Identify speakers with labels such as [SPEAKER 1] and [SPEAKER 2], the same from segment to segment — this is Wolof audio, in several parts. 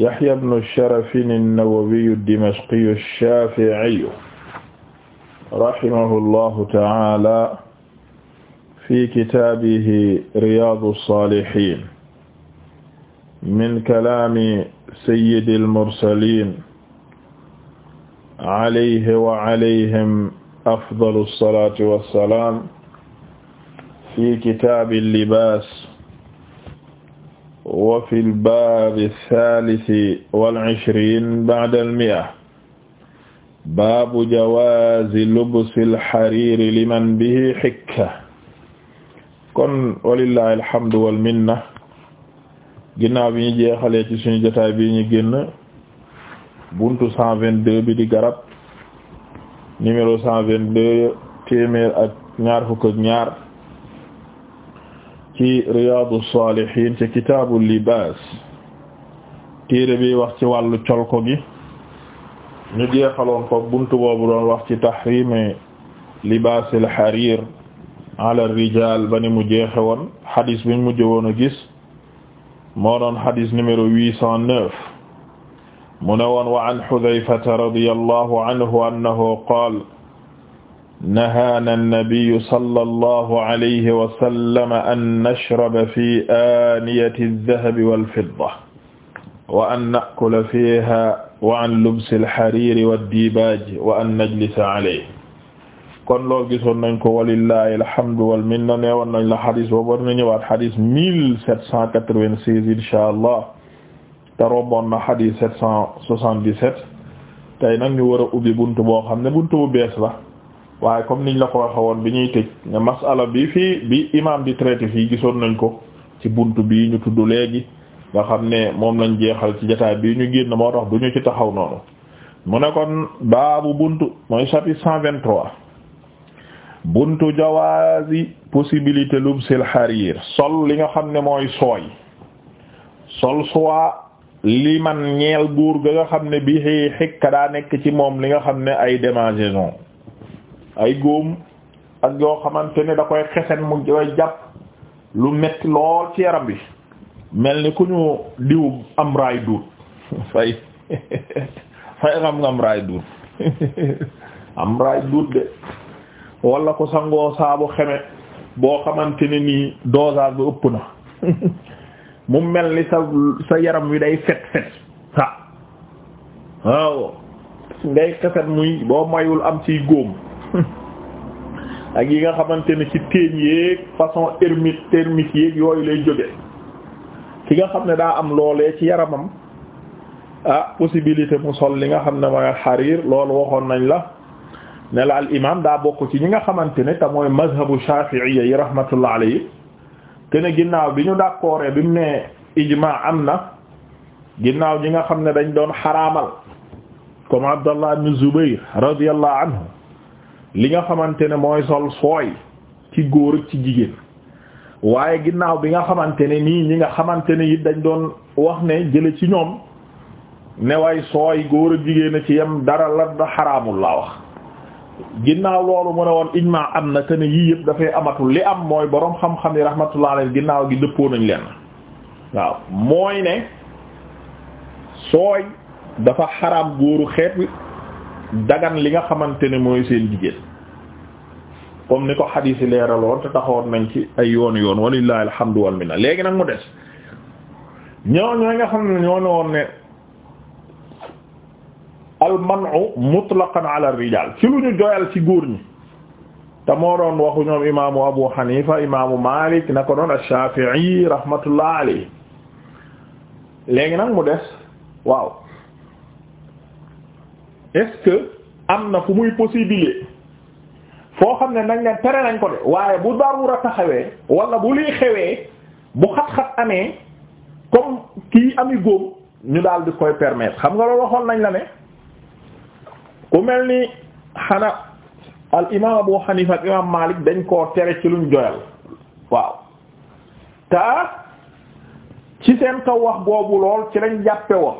[SPEAKER 1] Yahya ibnu Sharafin an-Nawawiyu ad-Dimashqiyu ash-Shafi'iyu rahimahullahu ta'ala fi kitaabihi Riyaadu as-Saalihiin min kalaami sayyidil mursaliin alayhi wa alayhim afdalu as-salaatu was-salaam fi kitaabil libaas wa fi lbaabi saalisi wal ishriin ba'da jawaazi lubsi al liman bihi hikka kon walillahi alhamdu wal minna ginnaaw bi ñu ci suñu jotaay bi ñu génn buntu cent bi di garab numéro cent ak ñaar fukk ñaar ci Riyadou Salihine ci kitaabu libaas téere bi wax ci wàllu colko gi ñu jeexaloon ko buntu boobu doon wax ci tahrimi libaasil xariir rijaal ba ni mu jeexe woon xadis mujj woon a gis moo doon xadis numéro neuf mu wa an Xudayfata radiyallahu anhu annahu qaala nahaana annabiyu sallallahu alayhi wa sallam an nashraba fi aaniyati aldahabi walfidda wa an naakula fiha wa an lubsi alxariri waddibaaj wa an najlisa alayhi kon lool gisoon nañ ko walillahi alhamdu walminna nee woon nañ la xadis boobu war na ñëwaat xadis mille sept cent quatre-vingt-seize inshaa Allah te romboon na xadis sept cent soixante-dix-sept tey nag ñu war a ubbi buntu boo xam ne buntu bu bees la waaye comme niñ la ko waxe woon bi ñuy tëj ne masala bi fii bi imam di traité fii gisoon nañ ko ci buntu bii ñu tudd léegi nga xam ne moom lañ jeexal ci jotaay bii ñu génn moo tax ñu ci taxaw noonu mu ne kon baabu buntu mooy chapitre cent vingt-trois buntu jawaazi possibilité lubsil harir sol li nga xam ne mooy sooy sol soie li man ñeel buur ga nga xam ne bi xëy xëkka daa nekk ci moom li nga xam ne ay démangeaison ay góom ak yoo xamante ne da koy xesen mu koy jàpp lu metti lool ci yaram bi mel ni ku ñu diw am raay duut fay fay xam nga am raay duut am raay duut de wala ko sangoo saabu xeme boo xamante ne nii dosage bu ëpp na mu mel ni sa sa yaram wi day fet fet sa waaw ngay xeset muy boo mayul am ciy góom ak yi nga xamante ne ci téeñ yéeg façon ermite termite yéeg yooyu lay jóge ki nga xam ne daa am loolee ci yaramam ah possibilité mu sol li nga xam ne mooy xariir loolu waxoon nañ la ne la al imam daa bokk ci ñi nga xamante ne te mooy mazhabu shafi'iyya yi rahmatullah alayhi kene ginnaaw bi ñu d'accord bi mu ne ijma am na ginnaaw ñi nga xam ne dañ doon xaraamal comme Abdallah ibn Zubayr radiyallahu anhu li nga xamante ne mooy sol sooy ci góor ak ci jigéen waaye ginnaaw bi nga xamante ne nii ñi nga xamante ne it dañ doon wax ne jële ci ñoom ne way sooy góor ak jigéen a ci yem dara la xaraamul laa wax ginnaaw loolu mu ne woon ijmaa am na te ne yii yëpp dafay amatul li am mooy boroom xam-xam yi rahmatullah alayhi ginnaaw gi dëppoo nañ leen waaw mooy ne sooy dafa xaraam góoru xeet wi dagan li nga xamante ne mooy seen jigéen comme ni ko xadiis yi leeraloon te taxoon nañ ci ay yoon yoon walillahi alhamdu wal minna léegi nag mu des ñoo ñoo nga xam ne ñoo ne woon ne almanu mutlaqan ala rijal ci lu ñu doyal ci góor ñi te moo doon waxu ñoom imaamu abu hanifa imaamu malik na ko doon ash-shafi'i rahmatullah alayhi léegi nag mu des waaw est que am na ku muy possible foo xam ne nañ leen tere nañ ko de waaye bu darura taxawee wala bu liy xewee bu xat-xat amee comme kii ami góom ñu daal di koy permettre xam nga loolu waxoon nañ la ne ku mel ni xana al imam Abu Hanifa ak imam Malik dañ koo tere ci luñ joyal waaw ta ci seen kaw wax boobu lool ci lañ jàppe woon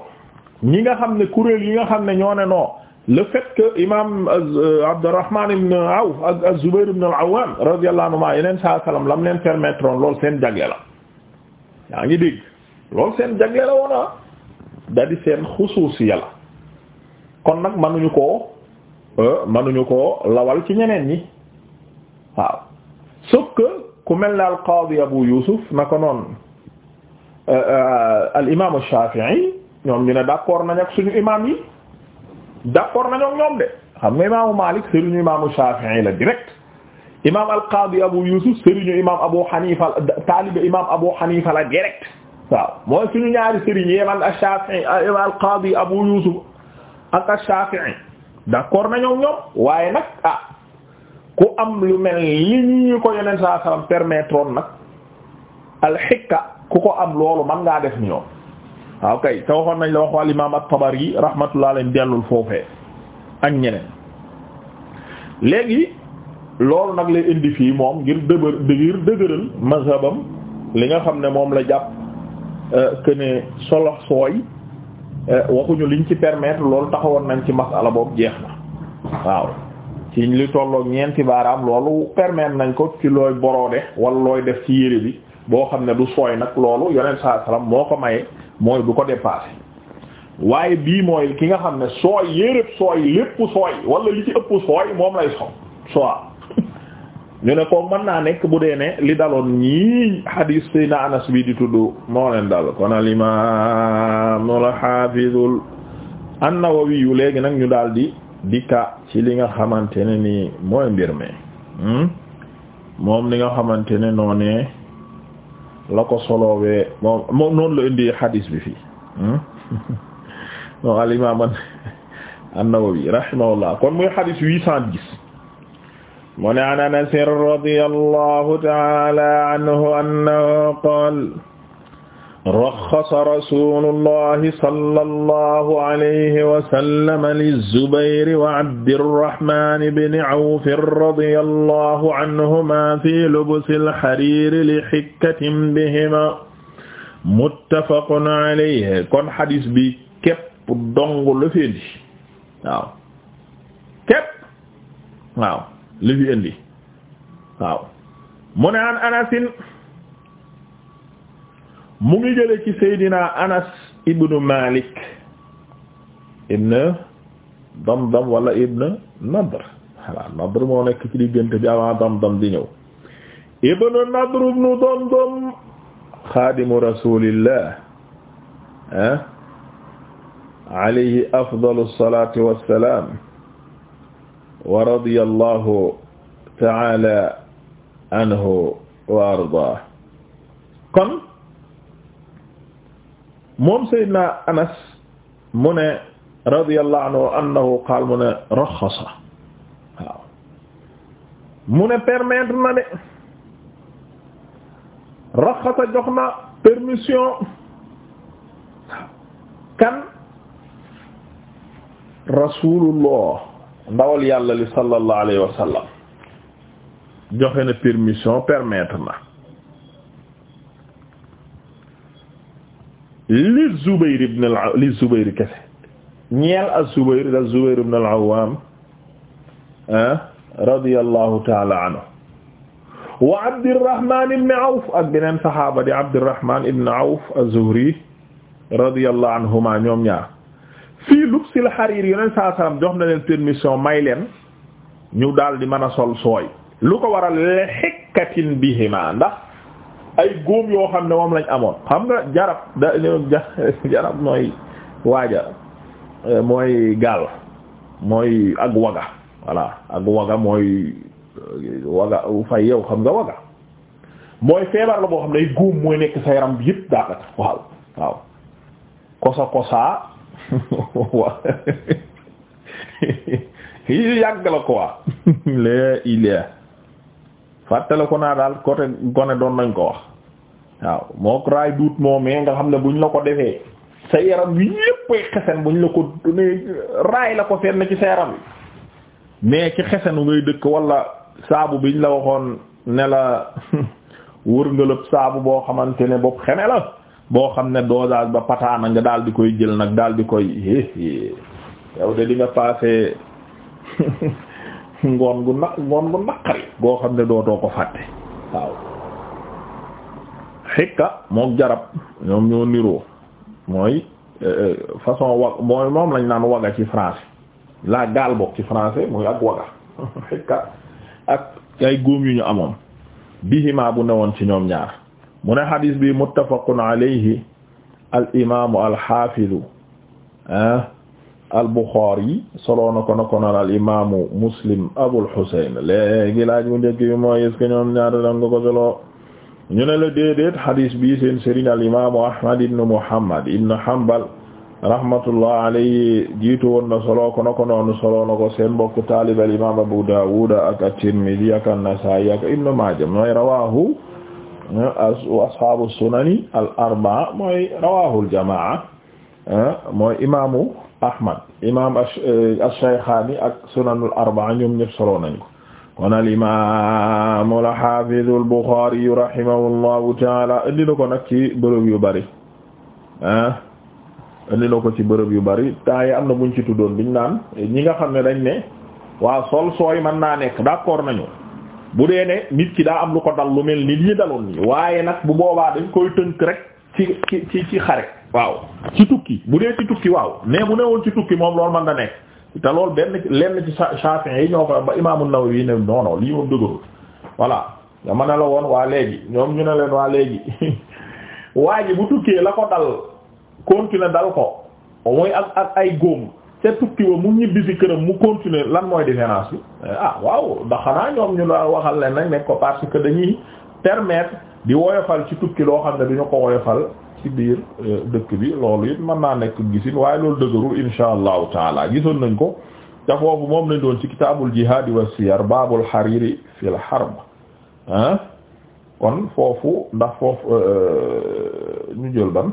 [SPEAKER 1] ñi nga xam ne kuréel yi nga xam ne ñoo ne noo le fait que imam euh, euh, Abdurrahman ibn Awf ak az-Zubayr ibn al-Awwam radiyallahu anhuma yeneen saa salaam lam leen permettre woon loolu seen jagle la yaa ngi dégg loolu seen jagle la woon ah da di seen xusuusiya la kon nag mënuñu koo euh, mënuñu koo lawal ci ñeneen ñi waaw sauf que ku mel ne al-Qadi Abu Yusuf naka noonu al-imam Shafi'i ñoom ñu ne d'accord nañ ak suñu imam yi. d'accord nañoo ñoom de xam nga imaamu Malik sëriñu imaamu Shafi'i la direct imaam al Abu Yusuf taalibe imaam Abu Hanifa la direct waaw mooy suñu ñaari sëriñ imaam al-Shafi'i Abu Yusuf ak al-Shafi'i d'accord nañoo ñoom waaye nag ah ku am lu mel li ñu ko yeneen saa al-hikka ku ko am loolu man ngaa def ñoom. waaw kay te waxoon nañ la wax wàll imaam at-Tabari rahmatullah leen dellul foofee ak ñeneen léegi loolu nag la indi fii moom ngir dëbër ngir dëgëral mazhabam li nga xam ne moom la jàpp euh, que solo sooy euh, waxuñu liñ ci permettre loolu taxawoon nañ ci masala boobu jeex na waaw ci li tolloog ñeenti baaraam loolu permettre nañ ko ci looy boroode wala looy def ci yére bi boo xam ne du sooy nag loolu yonent saa salaam moo ko maye. mooy bu ko dépassé waaye bii mooy ki nga xam ne sooy yéréb sooy lépp sooy wala li ci ëpp sooy moom lay sow soa ñu ne ko mën naa nekk bu dee ne li daloon ñii hadis a anas bi di tudd moo leen dal kon al imam al hafizul an-Nawawi yu léegi nag ñu daal di dikka ci li nga xamante ne ni mooy mbir mi hmm? moom li nga xamante ne noonee la ko solowee moom moom noonu la indi hadis bi fii moom al imam an-Nawawi rahimahullah kon muy hadis huit cent dix mu ne an Anas radiyallahu ta'ala anhu annahu qala raxasa rasulullahi sallallahu alayhi wa sallam lizubayr wa abdirrahman ibn awf radiyallahu anhuma fi lubsil hariir li hikkatin bihima muttafaqun alayhi kon xadis bi képp dong la fi indi waaw képp waaw la fi indi waaw mu ne an anasin mu ngi jële ci Seydina Anas ibnu Malik ibn Damdam wala ibn Nadr wala Nadr moo nekk ci diggante bi avant Damdam di ñëw ibn Nadr ibn Damdam xaadimu rasulillah ah alayhi afdalu salatu wassalam wa radiyallahu ta'ala anhu wa arda kon moom Seydina Anas mu ne radiyallahu anhu annahu qaal mu ne raxasa waaw mu ne permettre na de raxasa jox na permission kan rasulullah ndawal yàlla li sallallahu alayhi wa sallam joxe na permission permettre na li Zubayr ibn al li Zubayr kese ñeel az-Zubayr da Zubayr ibn al ah, ta'ala anhu wa Abdurrahman ibn Awf ak beneen Awf az-Zuhri radiyallahu anhuma ñoom ñaar fii lubsil xariir yoneen saa salaam jox na leen permission may leen ñu daal di mën a sol sooy lu ko waral li hikkatin ay góom yoo xam ne moom lañ amoon xam nga jarab da jarab mooy waaja mooy gaal mooy ak waga voilà ak waga mooy waga fay yow xam nga waga mooy feebar la boo xam ne ay góom mooy nekk sa yaram bi yëpp daanaka waaw waaw kosa kosaa yi yàgg la ko waa lee ilee fàttale ko naa daal côté gone doon nañ ko wax waaw mook raay duut moom mais nga xam ne ñu la ko defee sa yaram bi yéppay xesen buñ la ko raay la ko fenn ci sa yaram bi mais ci xesenu ngay dëkk wala saabu biñ la waxoon ne la wërngalëb saabu boo xamante ne bopp xene la boo xam ne dosage ba pataana nga daal di koy jël nag daal di koy éé yow de di nga ngoon gu na ngoon gu naqari boo xam ne doo dootoo ko fàtte waaw xikka mook jarab ñoom ñoo niroo mooy euh, euh, façon wa mooy moom lañ naan waga ci français la gaal bokk ci français muy ak waga xikka ak ay góom yu ñu amoon bihima bu newoon ci ñoom ñaar mu ne xadiis bi muttafaqun alayhi al imaamu al xaafidu al Buxaari soloo na ko na naan al imaamu Muslim Abul Husayn léegi laaj mu njëkk bi mooy est-ce ñoom ñaar la ko solo ñu ne la déedéet xadis bi seen sëriñ al imaamu ahmad ibn muhammad ibn hanbal rahmatullah alayhi jiitu woon na solo ko ko solo na ko seen mbokk taalib al imaam abu daawud ak at-tirmidhi ak an-nasaa'i ak ibn maaja mooy rawaahu ashaabu sunani al arbaa mooy rawaahu al jamaa mooy imaamu ahmad imaam eh, ash-shaykhaani ak sunanul arbaa ñoom ñëpp solo nañ ko kon al imaam al haafiz al Buxaari rahimahullahu taala indi ko nag ci bërëb yu bari ah indi ko ci bërëb yu bari temps yi am na buñ ci tuddoon biñ naan ñi nga xam ne dañ ne waa sol sooy mën naa nekk d'accord nañu bu dee ne nit ki daa am lu ko dal lu mel ni lii daloon nii waaye nag bu boobaa dañ koy tënk rek ci ci ci ci xare waaw ci tukki bu dee ci tukki waaw mais bu newoon ci tukki moom loolu mën na nekk te lool benn lenn ci Shafi'i yi ñoo ko ba Imam An-Nawawi ne non li lii moom dëgërul voilà dama ne la woon waa léegi ñoom ñu ne leen waa léegi waa ji bu tukkee la ko dal continuer dal ko mooy ak ak ay góom ca tukki ba mu ñibbi ci këram mu continuer lan mooy différence bi eh, ah waaw ndax xanaa ñoom ñu la waxal leen nag nekk ko parce que dañuy permettre di woyofal ci tukki loo xam ne du ñu ko woyofal ci biir euh, dëkk bi loolu it mën naa nekk gisin waaye loolu dëgërul insha allahu taala gisoon nañ ko ca foofu moom lañ doon ci kitaabul jihaadi wa siyar baabul xariiri fil harb ah kon foofu ndax foofu euh, ñu jël ban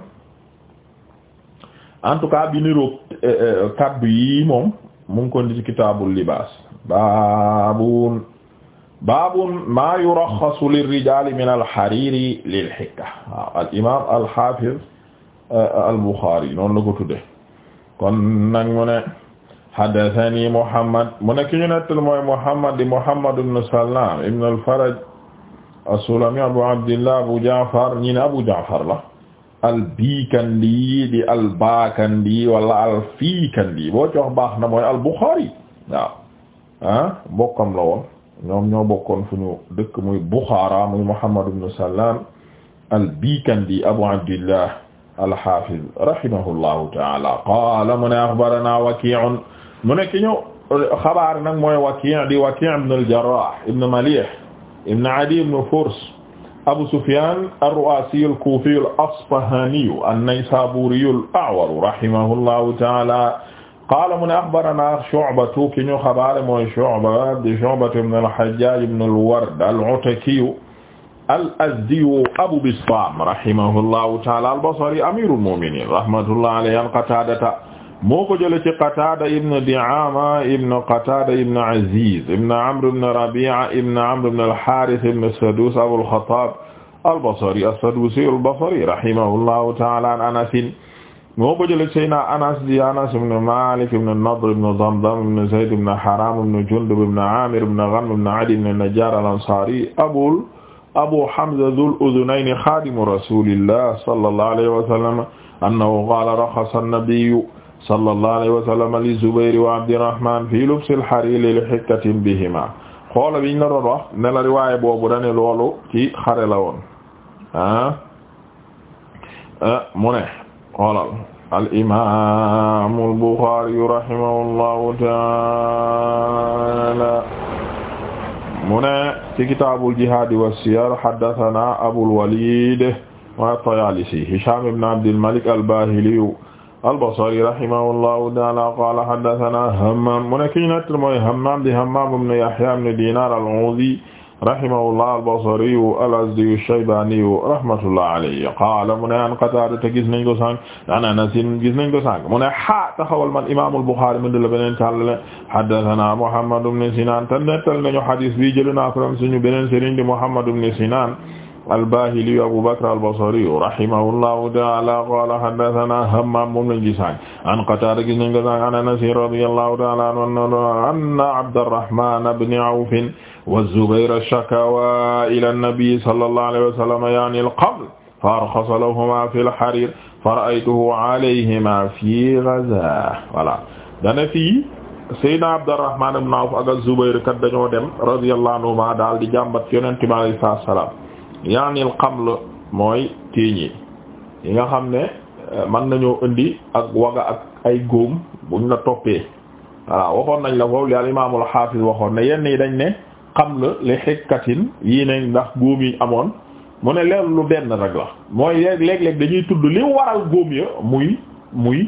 [SPEAKER 1] en tout cas bi niroog euh, kaddu yi moom mu ngi ko di ci kitaabul libaas baabun ma maa yuraxxasu lirrijaali min alxariiri lil xikka waaw al imaam al xaafiz eh, al buxaari noonu la ko tuddee kon nag mu ne haddasani Muhammad mu ne ki Muhammad di Muhammad ibn Salaam al sulami abu Abdillah abu Jaafar ñi abu Jaafar la al Bikandi di al Baakandi wala al Fikandi boo ci wax baax na mooy al Buxaari waaw ah mbokkam ñoom ñoo bokkoon fu ñu dëkk muy Bukhara muy Muhammad ibn Sallam al-Bikandi Abu Abdillah al-Hafiz rahimahullahu ta'ala qaala mu ne akhbarana Waki'un mu ne ki ñu xabaar nag mooy Waki' di Waki' ibn al-Jarrah ibn Malih ibn Adi ibn Furs Abu Sufyan ar-Ru'asi al-Kufi al-Asfahani an-Naysaburi al-A'war rahimahullahu ta'ala qaala mu ne axbaranaa Shu'batu ki ñu xabaare mooy Shu'ba di Shu'ba ibn al-Hajjaaj ibn al-Ward al-Atakiyu al-Azdiyu Abu Bistaam rahimahullahu ta'aala al-Basri amiirul mu'miniin rahmatullahi alayhi an Qataadata moo ko jëlee ci Qataada ibn Di'aama ibn Qataada ibn Aziz ibn Amr ibn Rabi'a ibn Amr ibn al-Haarith ibn Saduus Abul Khattaab al-Basri as-Saduusi al-Basri rahimahullahu ta'aala an Anas moo ko jëlee Seydina Anas di Anas ibn Malik ibn Nadr ibn Damdam ibn Zayd ibn Haram ibn Jundub ibn Amir ibn Ghanm ibn Adi ibn Najjar al-Ansari abul Abu Hamza Dhul Udhunayn khadimu rasulillah sallallahu alayhi wa sallam annahu qala rakhasa an-nabiyyu sallallahu alayhi wa sallam li Zubayr wa Abdirrahman fi lubsi al-harir li hikkatin bihima xoola biñ la doon wax ne la riwaaya boobu dane loolu ci xare la woon ah, ah mu ne xoolal al imaamu al Buxaari rahimahullahu taala mu ne ci kitaabul jihaadi wa siyar haddasanaa Abul Waliid wa Tayaalisi Hishaam ibn Abdil Malik al Baahili al Basri rahimahullahu taala qaala haddasanaa Hammaam mu ne ki ñu nekk mooy Hammaam di Hammaam ibn Yahyaa ibn Diinaar al-Uudi rahimahullah albasariyu alazdiyu shaybaniyu rahmatullah alayhi qaala mu ne an Qataada te gis nañ ko sànq an Anas gis nañ ko sànq mu ne ha taxawal man imaamul Buxaari mën la beneen tàllale haddasanaa Muhammad ibn Sinaan te nettal nañu hadiis bi jël naa ko suñu beneen sëriñ di Muhammad ibn Sinaan albahiliyu abou bakr albasariyu rahimahullahu taala qala haddathana hammam moom lañ gisaan an qatada gis nañ ko saan an anas radiyallahu taala anhu anna abdarrahman ibn awf wa zubair ash-shakawa ila an-nabi sallallahu alayhi wa sallam ya'ni al-qabl farxasa lahuma fi lxarir faraytuhu alayhima fi gaza voilà dana fii saydna abdarrahman ibn awf ak az-zubayr kat dañoo dem radiyallahu anhuma daal di jàmbat yonente bi alayhi salaam yaani al xaml mooy téeñee yi nga xam ne euh, man nañoo indi ak waga ak ay góom buñ la toppee voilà waxoon nañ la foofu li al imaamul xaafis waxoon ne yenn yi dañ ne xaml li xikkatin yii nañ ndax góom yi amoon mu ne leer lu benn rek la mooy léeg-léeg dañuy tudd li waral góom ya muy muy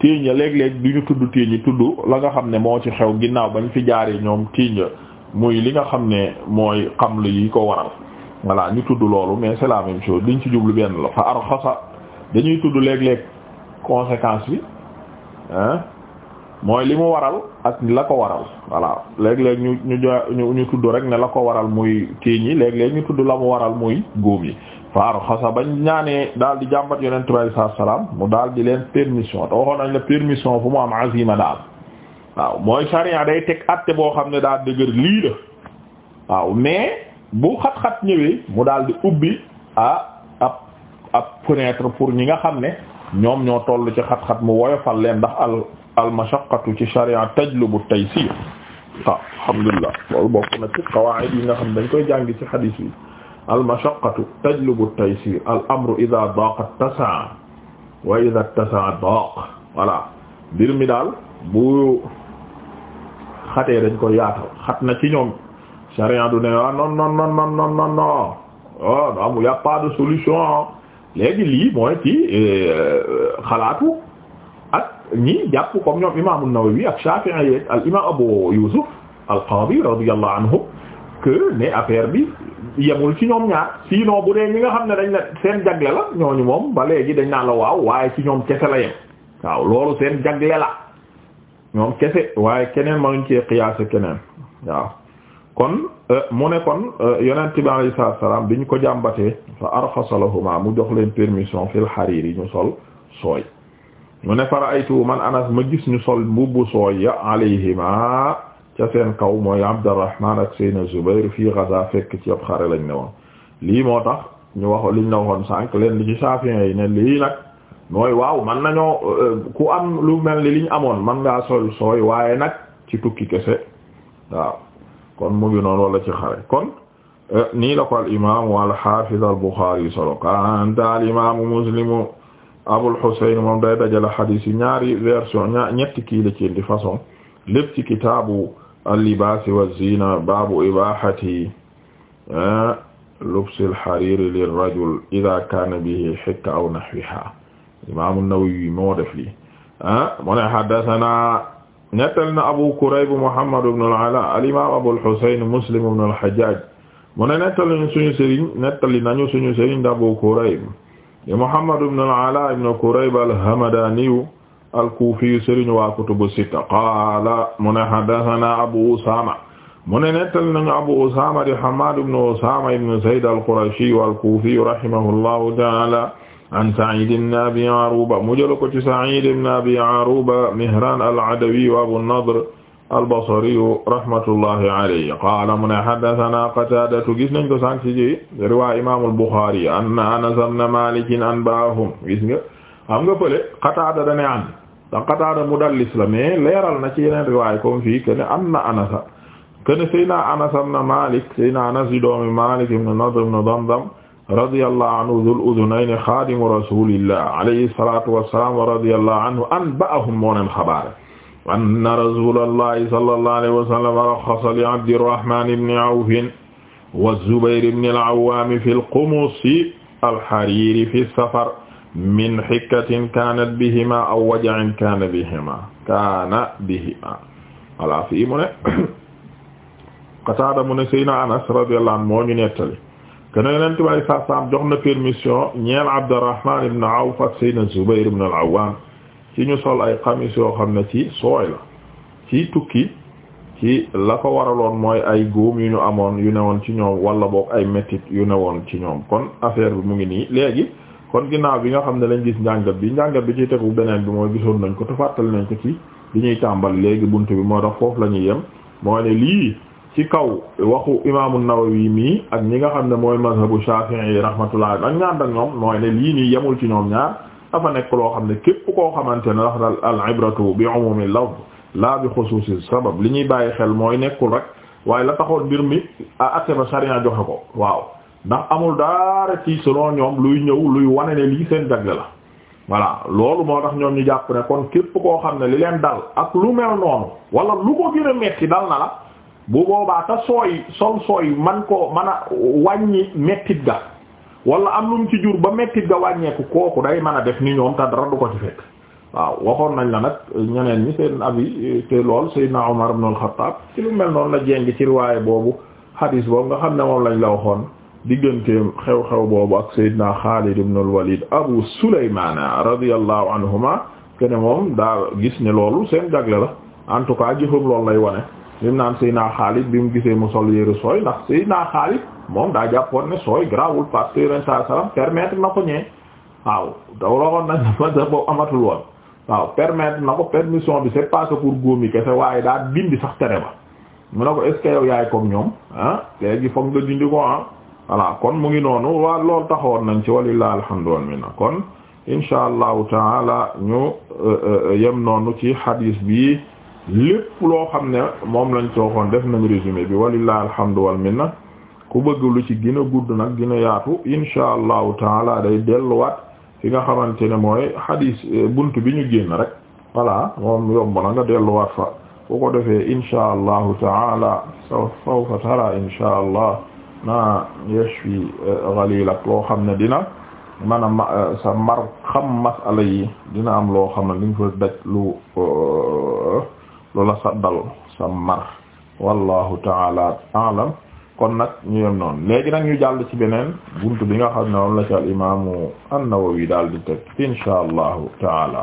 [SPEAKER 1] tiiñ ya léeg-léeg du tudd tiiñ yi tudd la nga xam ne moo ci xew ginnaaw bañ fi jaaree ñoom tiiñ ya muy li nga xam ne mooy xaml yi ko waral voilà ñu tudd loolu mais c'est la même chose liñ ci jublu benn la fa arxasa dañuy tudd léeg-léeg conséquence bi mooy li mu waral ak la ko waral voilà léeg-léeg ñu ñu ñu ñu tudd rek ne la ko waral muy kiiñ yi léeg-léeg ñu tudd la mu waral muy góom yi fa arxasa bañ ñaanee daal di jàmbat yonent bi alayhi salaatu salaam mu daal di leen permission te waxoon nañ la permission fu mu am azima daal waaw mooy charia day teg atte boo xam ne daal dëgër lii la bu xat-xat ñëwee mu daal di ubbi ah ab ab fenêtre pour ñi nga xam ne ñoom ñoo toll ci xat-xat mu woyofal leen ndax al al mashaqqatu ci sharia tajlubu taysir ah alhamdulilah loolu bokk na ci qawaid yi nga xam dañ koy jàng ci xadiis yi al mashaqqatu tajlubu taysir al amru idha daqa tasaa wa idha tasaa daaq voilà mbir mi daal bu xatee dañ koy yaatal xat na ci ñoom. charia du ne ah non non non non non non non ah, solution ah. léegi lii mooy ci eh, euh, xalaatu ak ñi jàpp comme ñoom imaamu Nawawi ak Shafi'i yeeg al imaam Abu Yusuf al-Qadi radiyallahu anhu que ne affaire bi yemul ci ñoom ñaar sinon bu dee ñi nga xam ne dañ ne seen jagle la ñooñu moom ba léegi dañ naan la waaw waay ci ñoom kese la yem waaw loolu seen jagle la ñoom kese waaye keneen mënuñ cee qiyaas keneen kon euh, mu ne kon euh, yeneen bi alayhi salaam bi ñu ko jàmbatee fa arxasa lahuma mu jox leen permission fil xariir ñu sol sooy mu ne fara aytu man anas ma gis ñu sol mbubbu sooy ya alayhima ca seen kaw mooy Abdurrahman ak Seyna Zubair fii Gaza fekk ci yëpp xare lañ ne woon lii moo tax ñu wax liñ la waxoon sànq leen li ci Shafi'i yi ne lii nag mooy waaw man nañoo euh, ku am lu mel ni liñ amoon man ngaa sol sooy waaye nag ci tukki kese waaw kon mu ngi noonu wala ci xare kon eh, nii la ko al imaamu al xaafiz al buxaari solo kanta al imaamu muslimu abul xusayn moom day dajale xadiis yi ñaari version ñaar ñetti kii la ci indi façon lépp ci kitaabu al libaasi wa ziina baabu ibaahati eh, lubsi al xariiri li rajul idaa kaana bihi xikka aw naxwihaa imaamu nawawi moo def lii eh, mu ne xaddasanaa nettali na Abu Kurayb Muhammad ibn al-Ala al-imam Abul Husayn Muslim ibn al-Hajjaj mu ne nettali nañu suñu sëriñ nettali nañu suñu sëriñ Abu Kurayb di Muhammad ibn al-Ala ibn Kurayb al-Hamadaniyu al-Kufiyu sëriñ waa kutubu sitta qaala mu ne haddathana Abu Usama mu ne nettali nañu Abu Usama di Hammad ibn Usama ibn Zayd al-Qurashiyu al-Kufiyu rahimahullahu ta'ala an Sa'id ibn Abi Aruba mu jël ko ci Sa'id ibn Abi Aruba Mihran al-Adawi wa Abu an-Nadr al-Basri rahmatullahi alayhi qaala mu ne haddathana Qataadatu gis nañ ko sànq ci riwaa Imaam al-Bukhari anna Anas ibn Maalik anba'ahum gis nga xam nga fële Qataada dane an da Qataada mudallis la mais leeral na ci yeneen riwaay comme fii que ne anna Anas que ne Seydina Anas ibn Maalik Seydina Anas di doomi Maalik ibn Nadr ibn Damdam radiyallahu anhu dhul udhunayni xaadimu rasulillah alayhi salatu wassalam wa radiyallahu anhu anba'ahum moo leen xabaar anna rasulallahi sallallahu alayhi wa sallam raxxasa li Abdirrahman ibn Awf wa Zubayr ibn al-Awwam fi al-qumus al-harir fi safar min hikkatin kaanat bihima aw waja'in kaana bihima kaana bihima voilà fii mu ne Qataada mu ne Seydina Anas radiyallahu anhu moo ñu nettali kene yeneen tibay sa sam jox na permission ñeel Abdurrahman ibn Awf ak Sayyidina Zubayr ibn al-Awwam ci ñu sol ay xamis yoo xam ne ci sooy la ci tukki ci la ko waraloon mooy ay góom yu ñu amoon yu newoon ci ñoom wala boog ay métit yu ne woon ci ñoom kon affaire bi mu ngi nii léegi kon ginnaaw bi nga xam ne lañ gis njàngat bi njàngat bi ci tegu beneen bi mooy gisoon nañ ko te fàttali nañ ko ci li ñuy tàmbali léegi bunt bi moo tax foofu la ñuy yem mooy ci kaw waxu imaamu Nawawi mii ak ñi nga xam ne mooy mazhabu Shafi'i rahmatullah ak ñaan ak ñoom mooy ne lii nii yemul ci ñoom ñaar dafa nekk loo xam ne képp koo xamante ne ndax daal al ibratu bi umumi lafz la bi xusuusi sabab li ñuy bàyyi xel mooy nekkul rek waaye la taxoon mbir mi à àtte ba sariya joxe ko waaw ndax amul dara ci selon ñoom luy ñëw luy wane ne lii seen jagle la. voilà loolu moo tax ñoom ñu jàpp ne kon képp koo xam ne li leen dal ak lu mel noonu wala lu ko gën a metti dal na la. bu boobaa te sooy sol sooy man ko mën a wàññi mettit ga wala am lu mu ci jur ba mettit ga wàññeeku kooku day mën def ni ñoom te dara ko ci fekk waaw waxoon nañ la nag ñeneen ñi seen abi te lool Seydina Omar ibn al ci lu mel noonu la jéng ci riwaaye boobu hadis boobu nga xam ne moom lañ la waxoon digganteem xew-xew boobu ak Seydina Khalid ibn al-Walid Abu Sulaymaan radiyallahu anhuma kene moom daa gis ne loolu seen jagle la en tout cas jëfam loolu lay lim naan Seydina Xaalid bi mu gisee mu sol yére sooy ndax Seydina Xaalid moom daa jàppoon ne sooy grawul parce que Yonent saa salaam permettre na ko ñee waaw daw waxoon nañ ma sax boobu amatul woon waaw permettre na ko permission bi c'est pas pour góomi kese waaye daa dindi sax tere ba mu ne ko est yaay comme ñoom ah léegi foog nga dindi ko ah voilà kon mu ngi noonu waa loolu taxawoon nañ ci walilah alhamdulilah kon incha allahu taala ñu euh, euh, yem noonu ci hadis bi. lépp loo xam ne moom lañ tooxoon def nañ résumé bi walillahi alhamdu wal minna ku bëgg lu ci gën gudd nag gën a yaatu insha allahu taala day delluwaat fi nga xamante ne mooy hadis eh, bunt bi ñu génn rek voilà moom yomb na nga delluwaat fa bu ko defee insha allahu taala saw sawfa tara insha allah ma yashfi eh, ghalilak loo xam ne dina man a ma eh, sa mar xam masala yi dina am loo xam ne li nga fa daj lu loola sa dal sa mar wallahu taala alam kon nag ñu yem noonu léegi nag ñu jàll ci beneen buntu bi nga xam ne moom la ci al imaamu an-Nawawi daal di teg insha allahu taala